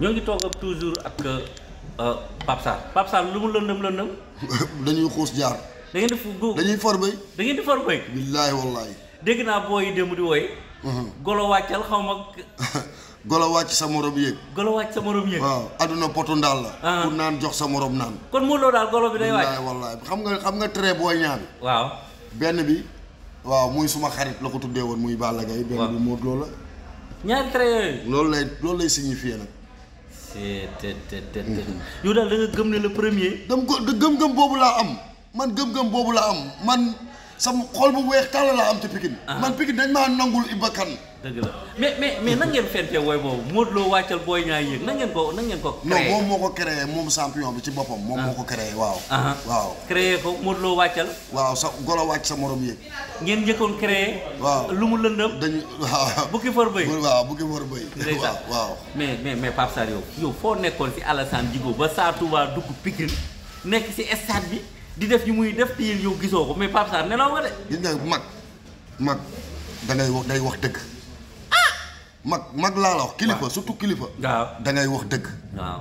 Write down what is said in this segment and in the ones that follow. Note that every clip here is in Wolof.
ñoo ngi toog ak toujours ak euh, euh, lu mu lëndëm lëndëm. dañuy xuus jaar. da ngeen di fu dañuy for béy. da ngeen di for billaahi wallaahi. dégg naa booy yi démb di woy mhm. golo wàccal xaw ma. golo wàcc sa morom yéeg. golo wàcc sa morom yéeg. waaw adduna potu ndaal la. pour ah. naan jox sa morom naan. kon moo loolu daal golo bi day wàcc. xam nga xam nga tere booy ñaan. waaw benn bi. waaw muy suma xarit la ko tuddee woon muy Balla Gaye. benn bi moo loolu la. ñaari tere yooyu. loolu lay loolu lay nag. yow daal da nga gëm ne le premier. dem ko gëm-gëm boobu la am man gëm-gëm boobu la am man sama xool bu weex tàll laa am te Pikine. Ah. man Pikine dañ maa nangul Iba Kane. dëgg la mais mais mais nan ngeen fente wooy boobu Modou Lo wàccal Boy Niang yéeg nan ngeen ko nan ngeen ko. créé non moom moo ko créé moom champion bi ci boppam. moom ah. moo ko créé waaw. Ah. waaw créé ko Modou Lo wàccal. waaw sa golo wàcc sa morom yéeg. ngeen njëkkoon créé. waaw lu mu lëndëm. dañu waaw bukki for bëy. waaw bukki for bëy. waaw waaw. mais mais mais Pape Sarr yow yow foo nekkoon si Alassane Djigo ba saa Touba dugg Pikine nekk si stade bi. di def yu muy def téyel yow gisoo ko mais Pape nelaw nga de gis nga mag mag da wax day wax dëgg ah! mag mag laa la wax kilifa surtout kilifa waaw da ngay wax dëgg waaw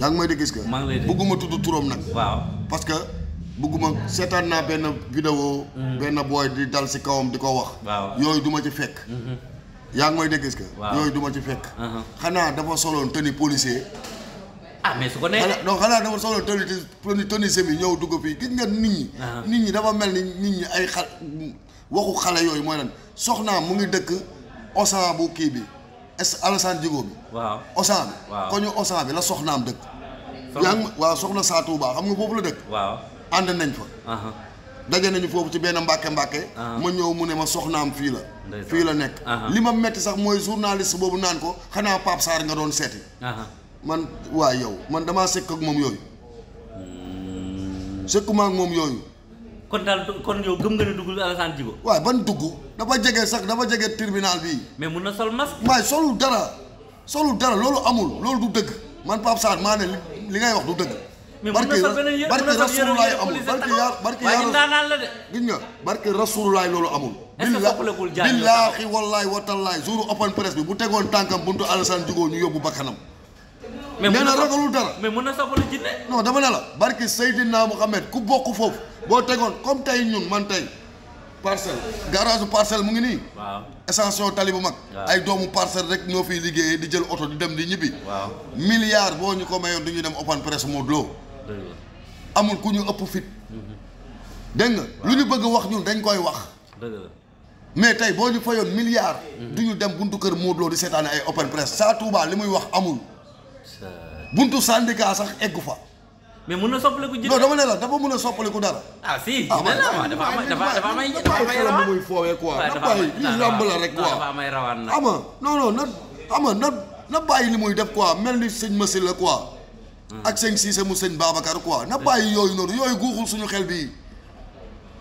yaa ngi may dégg gis nga bëgguma tudd turam nag waaw parce que bëgguma seetaan naa benn vidéo mm-hmm. benn booy di dal si kawam di ko wax yooyu duma ci fekk yaa ngi may dégg gis nga yooyu du ma ci fekk mm-hmm. uh-huh. xanaa dafa soloon tenue policier ah mais su ko neexee non xanaa dama soxla toni toni semi ñëw dugg fii gis nga nit ñi. Ah. nit ñi dafa mel ni nit ñi ay xal waxu xale yooyu mooy lan soxnaam mu ngi dëkk osan bu kii bi est Alassane Djigo bi. waaw osan bi. waaw koñu osan bi la soxnaam dëkk. yaa ngi waaw soxna Saatou Ba xam nga foofu la dëkk. waaw ànd nañ fa. daje nañu foofu ci benn mbàkke mbàkke ma ñëw mu ne ma soxnaam fii la. fii la nekk. li ma metti sax mooy journaliste boobu naan ko xanaa Pape saar nga doon seeti. man waa yow man damaa sekk ak moom yooyu sekkuma ak moom yooyu. kon daal kon yow gëm nga ne dugg Alassane Djigo. waaw ban dugg dafa jege sax dafa jege tribunal bii. mais mun na sol masque. maay solul dara solul dara loolu amul loolu du dëgg man Pape Sarr maa ne li ngay wax du dëgg. mais mun na sol beneen yë mun na sol yërëm yërëm amul barke yaa la de. gis nga loolu amul. est-ce que bokkul open press bi bu tegoon tànkam buntu Alassane Djigo ñu yóbbu bakkanam mais nee na ragalul dara mais mën na safalu jinne non dama ne la barki Seydina Mouhamed ku bokk foofu boo tegoon comme tey ñun man tey parcelle garage parcelle mu ngi nii waaw extension tali bu mag ay doomu parcelle rek ñoo fiy liggéeyee di jël oto di dem di ñibbi waaw milliard boo ñu ko mayoon du ñu dem open press Modou amul ku ñu ëpp fit mhm. dégg nga lu ñu bëgg wax ñun dañ koy wax mais tey boo ñu fayoon milliard mhm. du ñu dem buntu kër Modou Lo di seetaane ay open press saa Touba li muy wax amul buntu syndicat sax eggu fa. mais mun na soppaleku jël non dama ne la dafa mun a soppaleku dara. ah si ah, dina la dafa am dafa dafa na bàyyi ah, lii làmb la def quoi mel ni sëñ Massi la quoi. Hmm. ak sëñ mu sëñ Babacar quoi na bàyyi yooyu noonu yooyu guuxul suñu xel bii.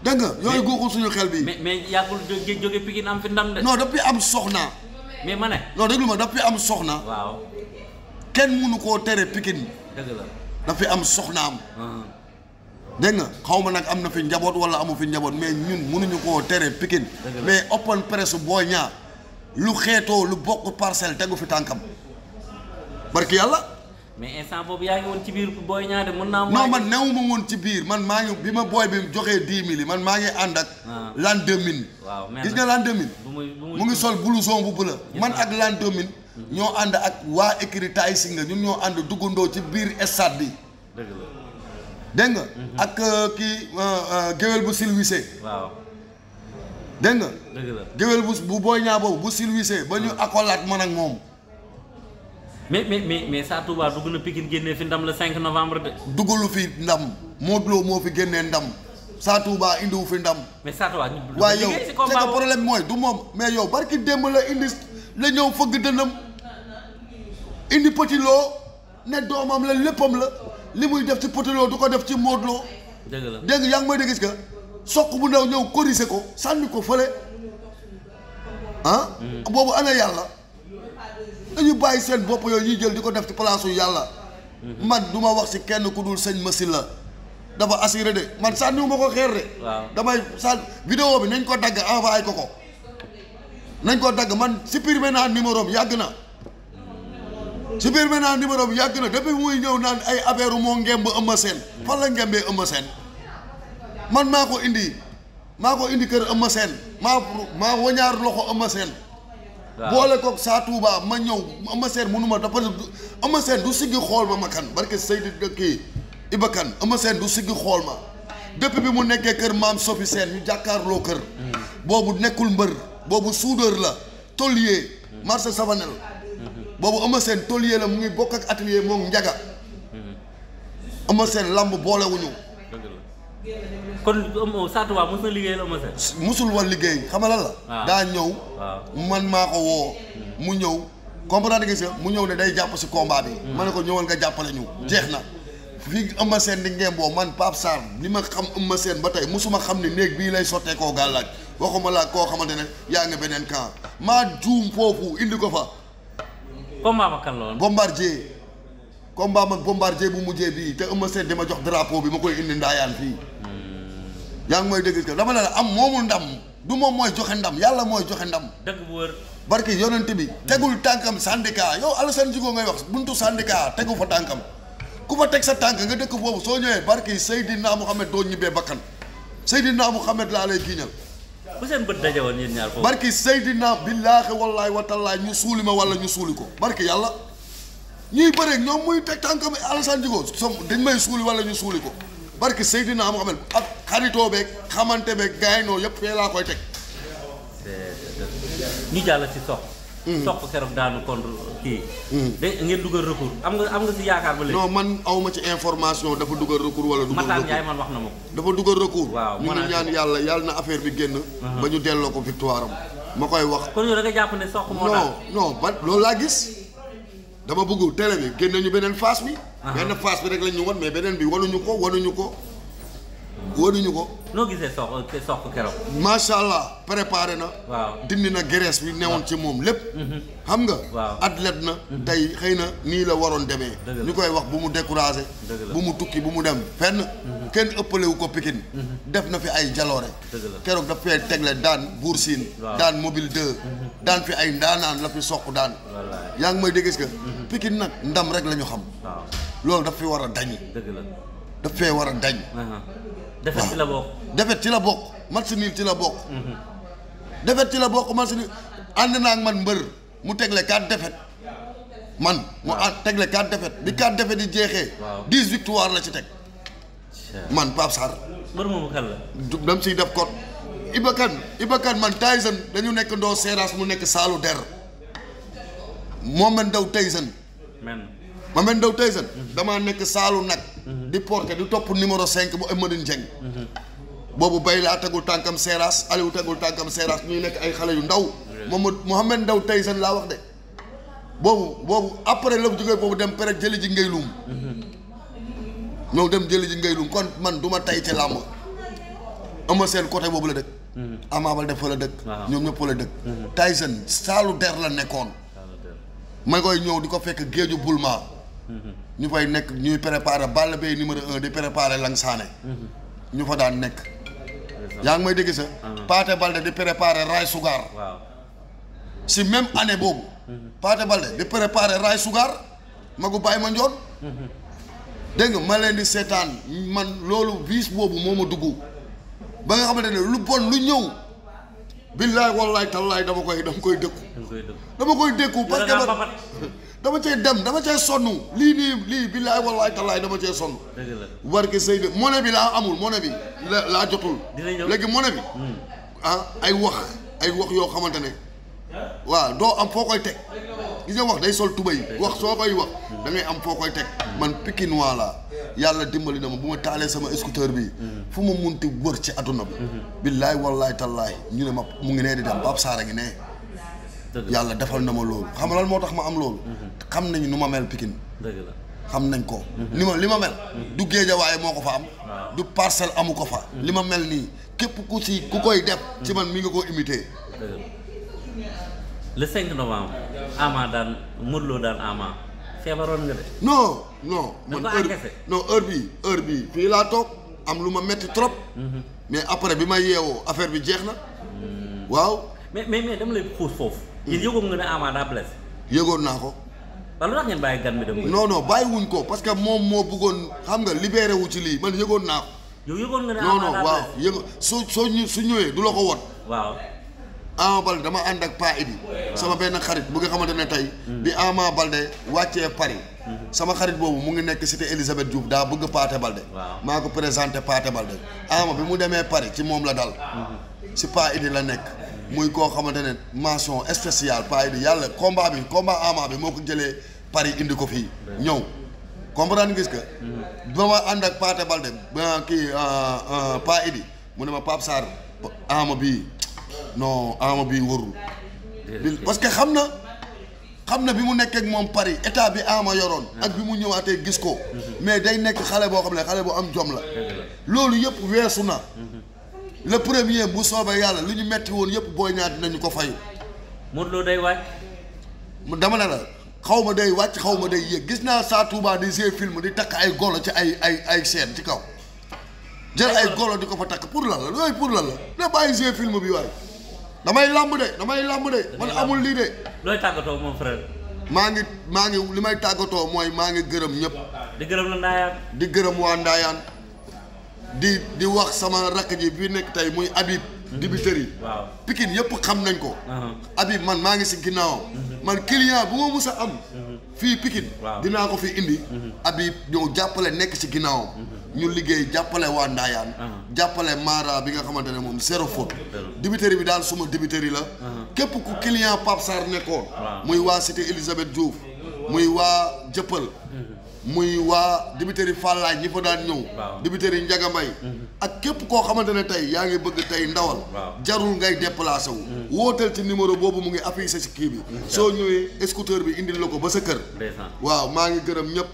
dégg nga yooyu suñu xel bii. mais mais yàggul jóge Pikine am fi ndam de. non mais ma ne. non déglu ma daf fi am soxna. Ken munu ko téré Pikine deug la fi am soxnaam ah. deug nga xaw ma am fi njabot wala amu fi njabot mais ñun ñu ko téré Pikine mais open press boo ñaa lu xéto lu bokk parcel, tegu fi tankam barki yalla mais instant boobu yaa ngi woon ci mën non man newuma woon ci biir man maa ngi bi man maa ngi ah. l'an deux waaw gis nga l'an mu ngi sol blouson bu man ak l'an ñoo ànd ak waa écurie Tay Shinger ñun ñoo ànd duggandoo ci biir stade bi. dëgg la ak euh, kii euh, euh, géwél bu silwise. waaw. dégg nga. géwél bu bu booy ñaa boobu bu silwise ba ñu akolaat man ak moom. mais mais mais mais Sa Touba dugg na Pikine génnee fi ndam la 5 novembre de. duggalu fi ndam Modou Lo moo fi génnee ndam Sa Touba indiwu fi ndam. mais Sa Touba waaye yow c'est que problème mooy du moom mais yow barki démb la indi la ñëw fëgg dënnam. indi Petit Lo ne doomam la léppam la li muy def ci Petit du ko def ci Modou la dégg nga yaa ngi may gis nga soq bu ndaw ñëw corrigé ko sànni ko fële ah? hmm. boobu ana yàlla dañu bàyyi seen bopp yooyu ñuy jël di ko def ci place yu yàlla. Hmm. man du ma wax si kenn ku dul sëñ Massi la dafa assuré de man sànniwu ma ko xeer de. waaw damay sànni vidéo bi nañ ko dagg envoyé ko ko nañ ko dagg man supprimer naa numéro am yàgg na. ci Super Ménage numéro bi yàgg na depuis muy ñëw naan ay affaire moo ngemb Eumeu Sène fan la ngembee Eumeu Sène man maa ko indi maa ko indi kër Eumeu Sène maa maa wañaar loxo Eumeu Sène boole koog saa Touba ma ñëw Eumeu Sène mënuma dafa Eumeu Sène du siggi xool ma ma kan barke Seydou dëkk Iba Kane Eumeu Sène du siggi xool ma depuis bi mu nekkee kër maam Sofi Sène ñu jàkkaarloo kër hmm. boobu nekkul mbër boobu suudar la tôlier hmm. marché Savanel boobu Eumeu Sène tôlier la mu ngi bokk ak atelier moom njaga Eumeu Sène lamb boolewuñu kon Sa Touba mos na liggéeyal mosul woon liggéey xamalal la ah. daa ñëw ah. man maa mu ñëw comprendre nga si mu ñëw ne day jàpp si combat bi hmm. ma ne ko ñëwal nga jàppale ñu hmm. jeex na fii Eumeu seen di ngeen man Pape Sarr li ma xam Eumeu Sène ba tey mosuma xam ne néeg bii lay sottee koo gàllaaj waxuma la koo xamante ne yaa ngi beneen camp maa juum foofu indi ko fa combat ma kan la woon. bombardier combat ma bu mujjee bii te Eumeu Sène ma jox drapeau bi ma koy indi ndaayaan fii. Hmm. yaa ngi mooy dëgg ka dama ne am moomul ndam du moom mooy joxe ndam yàlla mooy joxe ndam. dëgg bu wër. yonent bi tegul tànkam syndicat yow Alassane Djigo ngay wax buntu syndicat tegu fa tànkam ku fa teg sa tànk nga dëkk foofu soo ñëwee barke Seydina Mouhamed doo ñibbee bakkan naa Mouhamed laa lay giiñal bu seen bët daje woon yéen ñaar foofu. barki Seydina naa wallaahi wa taalaa ñu suuli ma wala ñu suuli ko barki yàlla ñuy bëreeg ñoom muy teg tànkam Alassane Djigo som dañ may suuli wala ñu suuli ko barki Seydina Mohamed ak xaritoo beeg xamante beeg gaynoo yëpp fee laa koy teg. ñu jàll ci sox. Mm-hmm. soq keroog daanu contre kii. Mm-hmm. da ngeen dugal recours am nga am nga si yaakaar ba léegi. non man aw ma ci information dafa dugal recours wala. dugal recours Matar Ndiaye man wax na ma ko. dafa dugal recours. waaw uh-huh. ba koy wax kon yow da nga jàpp ne soq moo daan non non ba loolu laa gis. dama bëgg télé bi génn ñu beneen phase bi. Uh-huh. benn phase bi rek la ñu mais beneen bi wanuñu ko wanuñu ko. wanuñu ko. noo gisee sox euh, sox macha allah préparé na. waaw dindi na graisse bi neewoon ci moom lépp. Mhm. xam nga. waaw athlète na. Mhm. tey xëy na nii la waroon demee. ñu koy wax bu mu découragé. bu mu tukki bu mu dem fenn. Mhm. kenn ëppalewu ko Pikine. def na fi ay jaloore. keroog daf fee tegle daan Buur Siin. daan mobile 2. daan fi ay ndaanaan la fi soq daan. yaa ngi may dégg est-ce nag ndam rek la ñu xam. loolu daf fi war a dañ. daf fee war a dañ. defet ci la bokk defet ci la bokk match nul ci la bokk. defet ci la bokk match nul ànd naa ak man mbër mu tegle quatre defet man mu ànd tegle quatre defet bi quatre defet yi jeexee. dix victoire la ci teg. man Pape Sarr. mbër moomu kan la. dam siy def kot. Ibakan Ibakan man Tyson dañu nekk ndoo Seras mu nekk Saalu Der moom man daw Tyson. man man daw Tyson. damaa nekk Saalu nag. Mhm. di porté di topp numéro 5 bu Amadou Dieng. Mhm. boobu bay laa tegul tànkam Seras Aliou tegul tànkam Seras ñuy nekk ay xale yu ndaw. Mamadou Mouhamed Ndaw tey seen laa wax de. boobu boobu après la jógee boobu dem pare jëli ji ngay luum. Mhm. ñoo dem jëli ji ngay kon man du ma tay ci làmb. ama seen côté boobu la dëkk. Ama Baldé fa la dëkk. ñoom ñëpp la dëkk. Tyson saalu der la nekkoon. ma koy ñëw di ko fekk géeju bulma. ñu fay nekk ñuy préparer Balla Gaye numéro un di préparer Lang Sané ñu fa daan nekk yaa ngi may dégg sa ah. Paate Balde di préparer Ray Sugar si même année boobu Paate Balde di préparer Ray Sugar magu bàyyi ma njoon dégg nga ma leen di seetaan man loolu vice boobu moo ma dugg ba nga xamante ne lu bon lu ñëw billaay wallaay tallaay dama koy dama koy dëkku dama koy dëkku parce que dama cee dem dama cee sonn lii nii lii billaay wallaay tallaay dama cee sonn. dëgg la sëy bi mone bi laa amul mone bi la laa jotul. léegi mone bi. Hmm. ah ay wax ay wax yoo xamante ne. waaw doo am foo koy teg ki nga wax day sol tuba yi wax soo koy wax da am foo koy teg man Pikinois laa yàlla dimbali na ma bu ma taalee sama scooter bi hmm. fu ma munti wër ci adduna bi hmm. billaay wallaay tallaay ñu ne ma mu ngi nee di dem Pape Sarr a ngi nee yàlla defal na ma loolu xam moo tax ma am loolu mhm. xam nañ ma mel Pikine xam ko mhm. li ma li ma mel mhm. du géejawaay moo ko fa am du parcelle amu ko fa li ma mel nii képp ku si ku koy def ci man mi nga koo imité le 5 novembre Ama daan Modou Lo daan Ama feebaroon nga de non non man heure non heure bi heure bi fii laa toog am lu ma metti trop mais après bi ma yeewoo affaire bi jeex na waaw yéen yëgoon nga ne Ama naa ko. wala lu tax dem. non non bàyyiwuñ ko parce que moom moo bëggoon xam nga libéré wu ci lii man yëgoon naa ko. yow yëgoon nga ne waaw yëgoon soo soo ñu su ñëwee du la ko won. waaw. Ama Balde dama ànd ak Paa Idi. sama benn xarit bu nga xamante ne tey. Hmm. bi Ama Balde wàccee pari hmm. sama xarit boobu mu ngi nekk cité Elisabeth Diouf daa bëgg Paate Balde. maa ko présenté Paate Balde. Ama bi mu demee Paris ci moom la dal. Hmm. si Paa Idi la nekk. muy koo xamante ne mention spéciale paa di yàlla combat bi combat ama bi moo ko jëlee Paris indi ko fii ñëw comprendre gis que mhm. ba ma ànd ak Paate Balde ba kii euh, euh, pa idi mu ne ma Pape Sarr ama bii non ama bii warul parce que xam na xam na bi mu nekk ak moom Paris état bi ama yoroon mhm. ak bi mu ñëwaatee gis ko mhm. mais day nekk xale boo xam ne xale boo am jom la loolu yëpp weesu na le premier bu soobee yàlla li ñu metti woon yëpp booy ñaar dinañu ko fayu. Modou Lo day wàcc. dama ne la xaw ma day wàcc xaw ma day yéeg gis naa saa Touba di see film di takk ay golo ci ay ay ay seen ci kaw. jël ay golo di ko fa takk pour lan la yooyu pour la la na ay see film bi waaye. damay làmb de damay làmb de man amul lii de. looy tàggatoo mon frère. maa ngi maa ngi li may tàggatoo mooy maa ngi gërëm ñëpp. di gërëm la Ndayane. di gërëm wa Ndayane. di di wax sama rakk ji bi nekk tey muy Habib. dibiteri yi. Mhm. waaw Pikine yëpp xam nañ ko. Mhm. Habib man maa ngi si ginnaawam. Mhm. man client bu ma mus a am. fii Pikine. dinaa ko fi indi. Habib ñoo jàppale nekk ci ginnaawam. ñu liggéey jàppale waa Ndaayaan. jàppale Mara bi nga xamante ne moom zéro faute. dibiteri bi daal suma dibiteri la. képp ku client Pape Sarr nekkoon. muy waa cité Elisabeth Diouf. muy waa Jëppal. muy waa dibiteri Fallaaj yi fa daan ñëw. waaw dibiteri Njaga Mbay mm-hmm. ak képp koo xamante ne tey yaa ngi bëgg tey ndawal. jarul ngay déplacé wu. Mm-hmm. wooteel ci numéro boobu mu ngi affiché ci kii bi. Mm-hmm. soo ñëwee scooter bi indi la ko ba sa kër. waaw maa ngi gërëm ñëpp.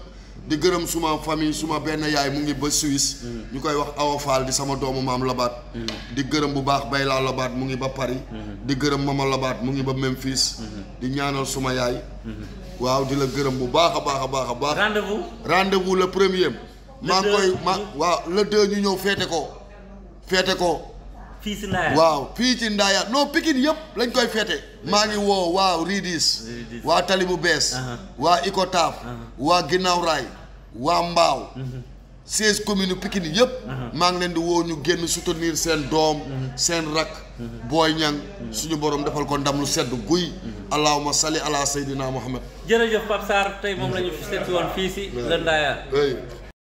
di gërëm suma famille suma benn yaay mu ngi ba Suisse. ñu koy wax Awa di sama doomu maam lobaat di gërëm bu baax bay laa lobaat mu ngi ba Paris. di gërëm mama lobaat mu ngi ba Memphis. di ñaanal suma yaay. waaw di la gërëm bu baax a baax a baax a baax. rendez-vous. rendez-vous le premier. maa ngi koy ma waaw le deux ñu ñëw feete ko. feete ko. fii waaw fii ci Ndaya non Pikine yëpp lañ koy feete maa ngi woo waaw Ridis. waa Tali bu bees. Uh-huh. waa Icotaf. Uh-huh. waa Ginnaaw Raay. waa Mbaaw. Mm-hmm. seize communes Pikine yëpp. maa ngi leen di woo ñu génn soutenir seen doom. seen rak. Boy ñan suñu borom defal ko ndam lu sedd guy. allahuma salli ala sayyidina muhammad jërëjëf Pape Sarr tey moom la ñu seet woon fii si Landaaya.